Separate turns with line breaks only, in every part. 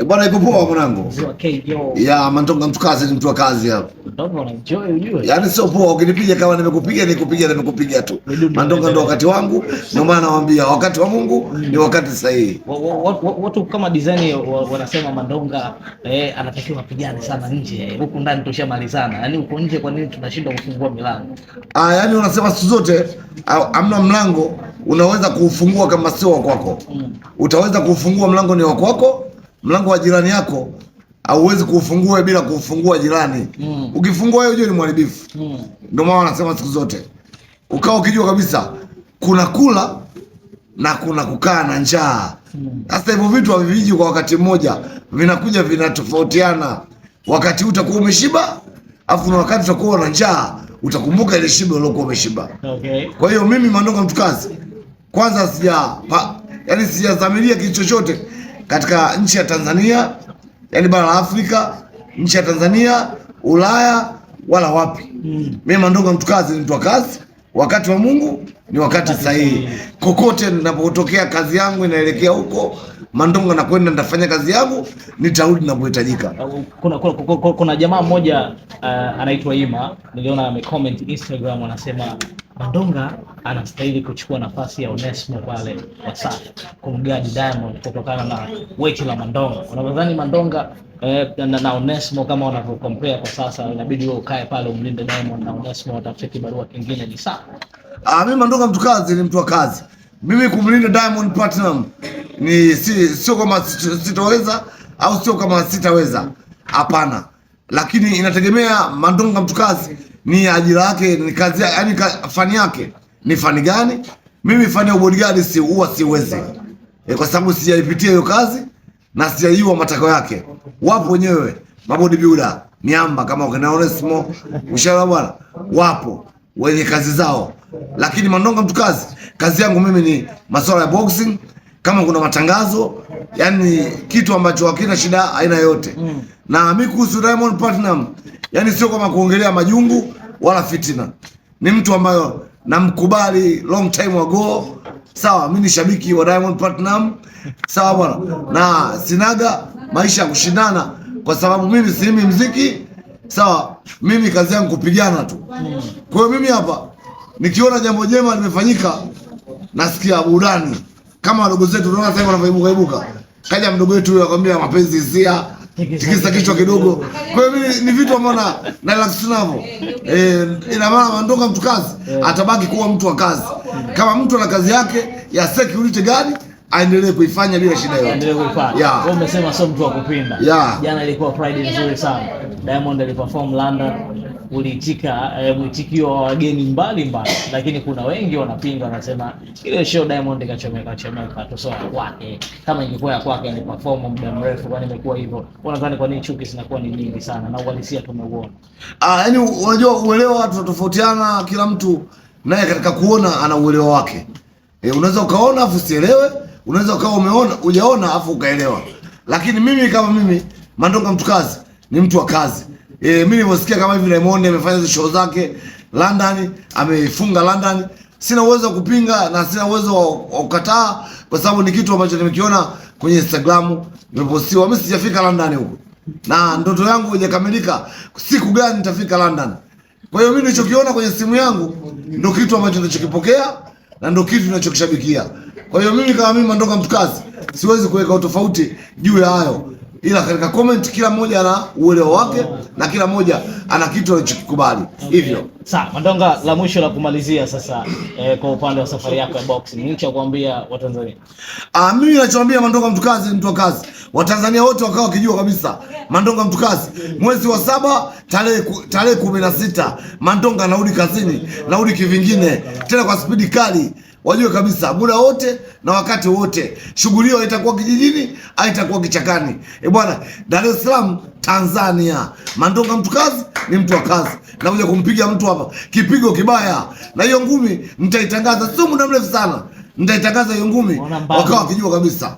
E bwana, ipo poa mwanangu. Ya mantonga mtu kazi ni mtu wa kazi hapa. Yaani sio poa ukinipiga kama nimekupiga nikupiga na nimekupiga tu. Mantonga ndo wakati wangu, ndio maana nawaambia wakati wa Mungu ni mm. wakati sahihi.
Watu kama design wanasema Mandonga eh, anatakiwa apigane sana nje. Eh, huku ndani tushamalizana. Yaani huko nje kwa nini tunashindwa kufungua milango?
Ah, yaani wanasema siku zote ah, amna mlango unaweza kuufungua kama sio wako. Mm. Utaweza kuufungua mlango ni wako mlango wa jirani yako hauwezi kuufungua bila kuufungua jirani. Mm. Ukifungua hiyo ni mharibifu. Mm. Ndio maana wanasema siku zote ukawa ukijua kabisa kuna kula na kuna kukaa na njaa. Mm. Sasa mm, hivyo vitu haviviji kwa wakati mmoja, vinakuja vinatofautiana. Wakati utakuwa umeshiba, afu na wakati utakuwa na njaa, utakumbuka ile shiba uliokuwa umeshiba. Okay. Kwa hiyo mimi Mandonga mtukazi, kwanza sija pa, yani sijazamilia kitu chochote katika nchi ya Tanzania, yani bara la Afrika, nchi ya Tanzania, Ulaya wala wapi. Mimi mandogo mtukazi ni mtu wa kazi, wakati wa Mungu ni wakati sahihi. Kokote ninapotokea kazi yangu inaelekea huko Mandongo na kwenda nitafanya kazi yangu, nitarudi napohitajika. Uh,
kuna, kuna, kuna, kuna jamaa mmoja uh, anaitwa Ima, niliona amecomment Instagram anasema Mandonga anastahili kuchukua nafasi ya Onesmo pale Wasafi kumgadi Diamond kutokana na wechi la Mandonga. Unadhani Mandonga eh, na, na Onesmo kama wanavyokompea kwa sasa, inabidi wewe ukae pale umlinde Diamond na Onesmo watafute kibarua kingine, ni sawa?
Ah, mimi Mandonga mtu kazi, ni mtu wa kazi. Mimi kumlinda Diamond Platinum ni si, sio kama sitoweza au sio kama sitaweza, hapana, lakini inategemea Mandonga mtukazi ni ajira yake ni kazi yake, yani fani yake ni fani gani? Mimi fani ya ubodigadi si huwa siwezi e, kwa sababu sijaipitia hiyo kazi na sijaiwa matako yake. Wapo wenyewe mabodi mabodybuilder niamba kama ukina Onesmo ushauri bwana, wapo wenye kazi zao, lakini Mandonga mtukazi, kazi yangu mimi ni masuala ya boxing kama kuna matangazo, yani kitu ambacho hakina shida aina yote mm. Na mimi kuhusu Diamond Platinum, yani sio kama kuongelea majungu wala fitina, ni mtu ambayo namkubali long time ago. Sawa, mimi ni shabiki wa Diamond Platinum, sawa bwana, na sinaga maisha ya kushindana kwa sababu mimi sihimi mziki sawa. Mimi kazi yangu kupigana tu. Mm. Kwa hiyo mimi hapa nikiona jambo jema limefanyika, nasikia burudani kama wadogo zetu, unaona sasa wanavyoibuka ibuka. Kaja mdogo wetu huyo akwambia mapenzi hisia, tikisa kichwa kidogo. Kwa hiyo mimi ni vitu ambavyo na relax navyo eh, eh, ina maana aondoka mtu kazi, eh. atabaki kuwa mtu wa kazi. Kama mtu ana kazi yake ya security gani aendelee kuifanya bila shida yoyote.
Aendelee kuifanya. Yeah. Wewe umesema sio mtu wa kupinda. Yeah. Jana ilikuwa Friday nzuri sana. Diamond aliperform London uliitika eh, mwitikio wa wageni mbalimbali, lakini kuna wengi wanapinga, wanasema ile show Diamond kachomeka chomeka tu sawa kwake, kama ingekuwa ya kwake ni perform muda mrefu, kwani imekuwa hivyo. Unadhani kwa nini chuki zinakuwa ni nyingi sana na uhalisia tumeuona?
Ah, yani unajua uelewa watu tofautiana, kila mtu naye katika kuona ana uelewa wake. E, unaweza ukaona afu usielewe, unaweza ukawa umeona ujaona afu ukaelewa, lakini mimi kama mimi Mandonga mtu kazi ni mtu wa kazi E, mimi nilivyosikia kama hivi Raymond amefanya hizo show zake London, ameifunga London, sina uwezo wa kupinga na sina uwezo wa kukataa kwa sababu ni kitu ambacho nimekiona kwenye Instagram nilipostiwa. Mimi sijafika London huko. Na ndoto yangu haijakamilika. Siku gani nitafika London? Kwa hiyo mimi nilichokiona kwenye simu yangu ndio kitu ambacho ninachokipokea na ndio kitu ninachokishabikia. Kwa hiyo mimi kama mimi Mandoka mtukazi siwezi kuweka utofauti juu ya hayo ila katika comment kila mmoja ana uelewa wake oh, na kila mmoja ana kitu anachokikubali okay. Hivyo
sawa, Mandonga, la mwisho la kumalizia sasa eh, kwa upande wa safari yako ya boxing nini cha kuambia Watanzania?
Ah, mimi nachoambia Mandonga mtukazi, mtu kazi, Watanzania wote wakao wakijua kabisa Mandonga mtukazi, mwezi wa saba tarehe tarehe kumi na sita Mandonga narudi kazini, narudi kivingine tena kwa spidi kali wajue kabisa muda wote na wakati wote shughuli hiyo itakuwa kijijini, itakuwa kichakani. E bwana, Dar es Salaam Tanzania, Mandonga mtu kazi ni mtu wa kazi, nakuja kumpiga mtu hapa kipigo kibaya, na hiyo ngumi nitaitangaza, sio muda mrefu sana nitaitangaza hiyo ngumi, wakawa wakijua kabisa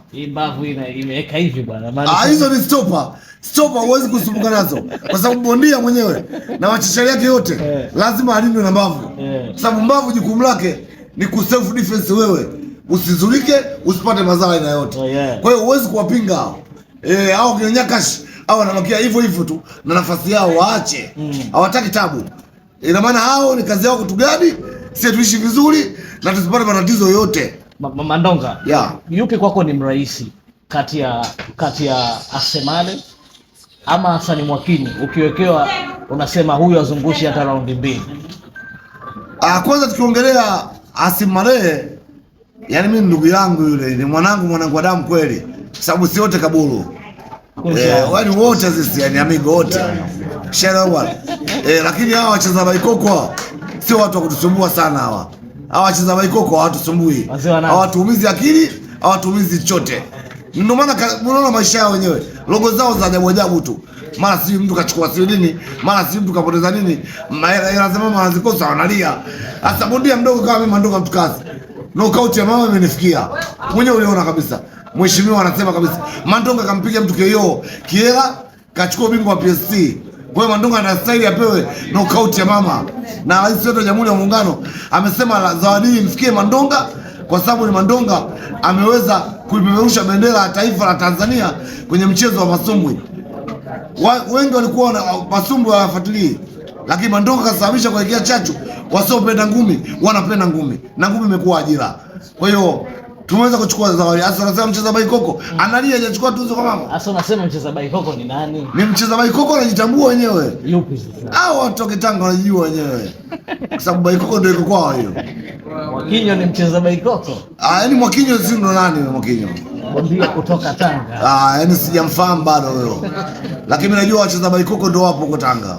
ah, hizo ni stopa stopa, huwezi kusumbuka nazo kwa sababu bondia mwenyewe na wachecheaji yake yote eh. lazima alindwe na mbavu, eh. kwa sababu mbavu jukumu lake ni ku self defense wewe, usizulike usipate madhara aina yote. Oh, yeah. Kwa hiyo huwezi kuwapinga hao eh, au kinyakashi hao wanamakia hivyo hivyo tu na nafasi yao waache, mm. hawataki mm. tabu. Ina maana hao ni kazi yao kutugadi sisi tuishi vizuri na tusipate matatizo yoyote.
Mama yeah. Yupi kwako ni mrahisi kati ya kati ya Asemale ama Hassan Mwakini? Ukiwekewa unasema huyu azungushi hata raundi mbili.
Ah, kwanza tukiongelea asimalee. Yani mimi ndugu yangu yule ni mwanangu, mwanangu wa damu kweli, sababu si wote kaburu eh, wani wote sisi, yani amigo wote sherawa eh, lakini hawa wacheza baikokwa sio watu wa kutusumbua sana hawa hawa wacheza baikoko hawatusumbui, hawatuumizi akili, hawatuumizi chote. Ndio maana unaona maisha yao wenyewe, logo zao za ajabu ajabu tu, mara si mtu kachukua si nini, mara si mtu kapoteza nini, lazima wanazikosa wanalia. Sasa bondia mdogo kama mimi ndoka mtukazi, na ukauti ya mama imenifikia mwenyewe, uliona kabisa. Mheshimiwa anasema kabisa, Mandonga kampiga mtu kioo Kiela, kachukua ubingwa wa PSC. Kwa hiyo Mandonga anastahili apewe knockout ya mama, na rais wetu wa Jamhuri ya Muungano amesema zawadi mfikie Mandonga kwa sababu ni Mandonga ameweza kuipeperusha bendera ya taifa la Tanzania kwenye mchezo wa masumbwi. Wengi walikuwa na masumbwi hawafuatilii, lakini Mandonga kasababisha kuelekea chachu. Wasiopenda ngumi wanapenda ngumi na ngumi imekuwa ajira. Kwa hiyo tumeweza kuchukua zawadi. Asa unasema mcheza baikoko analia hajachukua tuzo kwa mama.
Asa unasema mcheza baikoko ni nani?
Ni mcheza baikoko anajitambua wenyewe.
Yupi sasa?
Hao watoke Tanga Kitanga wanajijua wenyewe. Kwa sababu baikoko ndio iko kwao hiyo.
Mwakinyo ni mcheza baikoko.
Ah, yani Mwakinyo si ndo nani Mwakinyo?
Bondia kutoka Tanga.
Ah, yani sijamfahamu bado huyo. Lakini najua wacheza baikoko ndo wapo huko Tanga.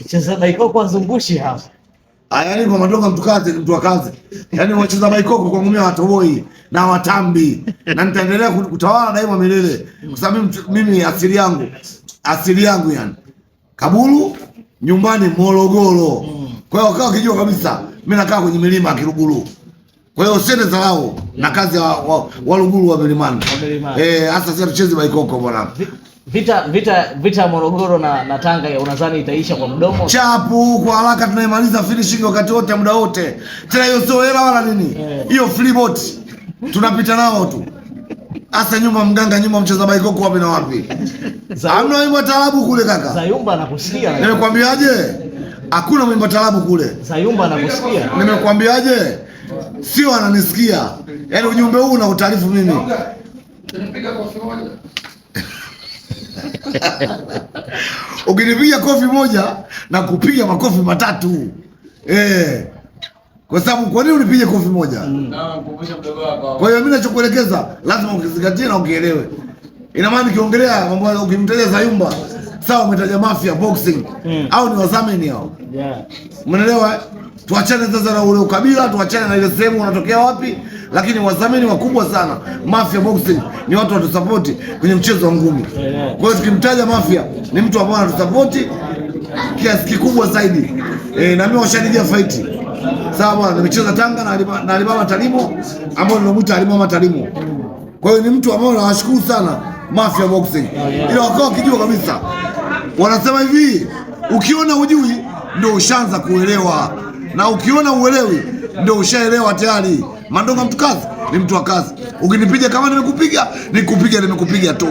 Mcheza baikoko azungushi hapa.
Yaani kwa madoka mtu kazi mtu wa kazi. Yaani wacheza maikoko kwa ngumi watoboi na watambi. Na nitaendelea kutawala daima milele. Kwa sababu mimi asili yangu asili yangu yani. Kabulu nyumbani Morogoro. Kwa hiyo wakao kijua kabisa mimi nakaa kwenye milima ya Kiluguru. Kwa hiyo usiende dharau na kazi ya Waluguru wa milimani. Eh, hasa sasa tucheze maikoko bwana.
Vita vita vita Morogoro na, na Tanga ya unadhani itaisha kwa mdomo?
Chapu kwa haraka tunaimaliza finishing wakati wote muda wote. Tena hiyo sio hela wala nini. Eh. Hiyo yeah. Free boat. Tunapita nao tu. Asa nyumba mganga nyumba mcheza baikoko wapi na wapi? Hamna wimbo talabu kule kaka.
Zayumba anakusikia.
Nimekwambiaje? Hakuna wimbo talabu kule.
Zayumba anakusikia.
Nimekwambiaje? Sio ananisikia. Yaani ujumbe huu na utaarifu mimi. Tunapiga kwa ukinipiga kofi moja na kupiga makofi matatu eh. Kwa sababu kwa nini unipige kofi moja? Mm. Kwa hiyo mimi nachokuelekeza lazima ukizingatie na ukielewe, ina maana nikiongelea mambo ukimteleza yumba sawa, umetaja Mafia boxing mm. au ni wadhamini hao yeah. Umeelewa? Eh? Tuachane sasa na ule ukabila, tuachane na ile sehemu unatokea wapi, lakini wadhamini wakubwa sana Mafia boxing ni watu watusapoti kwenye mchezo wa ngumi. Kwa hiyo tukimtaja Mafia ni mtu ambaye anatusapoti kiasi kikubwa zaidi e, na mimi washanijia faiti sawa bwana, nimecheza Tanga na Alibaba, na Alibaba Talimo ambao nilomuita Alibaba Talimo. Kwa hiyo ni mtu ambaye nawashukuru sana Mafia boxing, ila wakawa wakijua kabisa Wanasema hivi, ukiona ujui ndio ushaanza kuelewa, na ukiona uelewi ndio ushaelewa tayari. Mandonga mtu kazi ni mtu wa kazi, ukinipiga kama nimekupiga nikupiga, nimekupiga tu.